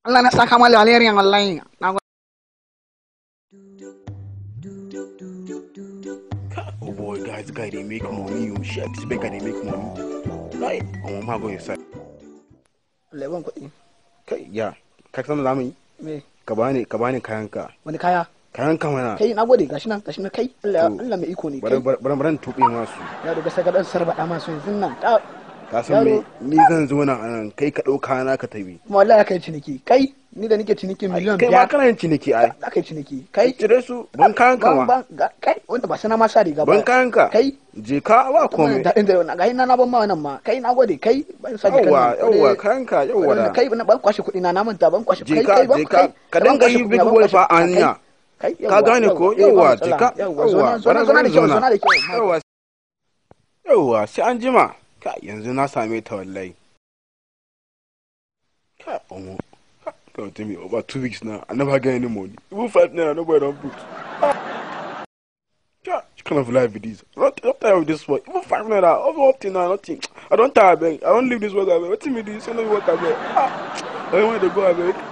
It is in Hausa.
Allah na saka mali alherin wallahi na Oh boy, guys, guy they make money. You share this guy they make money. Right? Oh my God, inside. Lebon kuɗi. Kai, ya, Kai san zamu yi? Me? Ka bani, ka bani kayanka. Wani kaya? Kayanka mana. Kai, na gode, gashi nan, gashi nan kai. Allah, Allah mai iko ne. Bari bari bari tuɓe masu. Ya daga saka dan sarbaɗa masu yanzu nan. ka san me ni zan zo na anan kai ka dauka na ka tabi kuma aka yi ciniki kai ni da nike ciniki miliyan biyar kai ma kana yin ciniki ai aka yi ciniki kai cire su ban kayan ka ma kai wanda ba sana ma sa riga ba ban kayan ka kai je ka ba komai da inda wannan ga na ban ma wannan ma kai na gode kai ban sa jikan yawa yawa kayan ka yawa da kai ban kwashe kudi na na manta ban kwashe kai kai ban ka dinga yi big wall fa anya ka gane ko yawa jika ka yawa zona zona da kyau yawa sai an jima ka yanzu na same ta wallahi ka omo ka tell me over two weeks now i never get any money even five naira nobody don put ka which kind of life be this Not not tired with this one. even five naira over up till now nothing i don tire abeg i don leave this work abeg wetin be this no be work abeg ah i don't want to go abeg.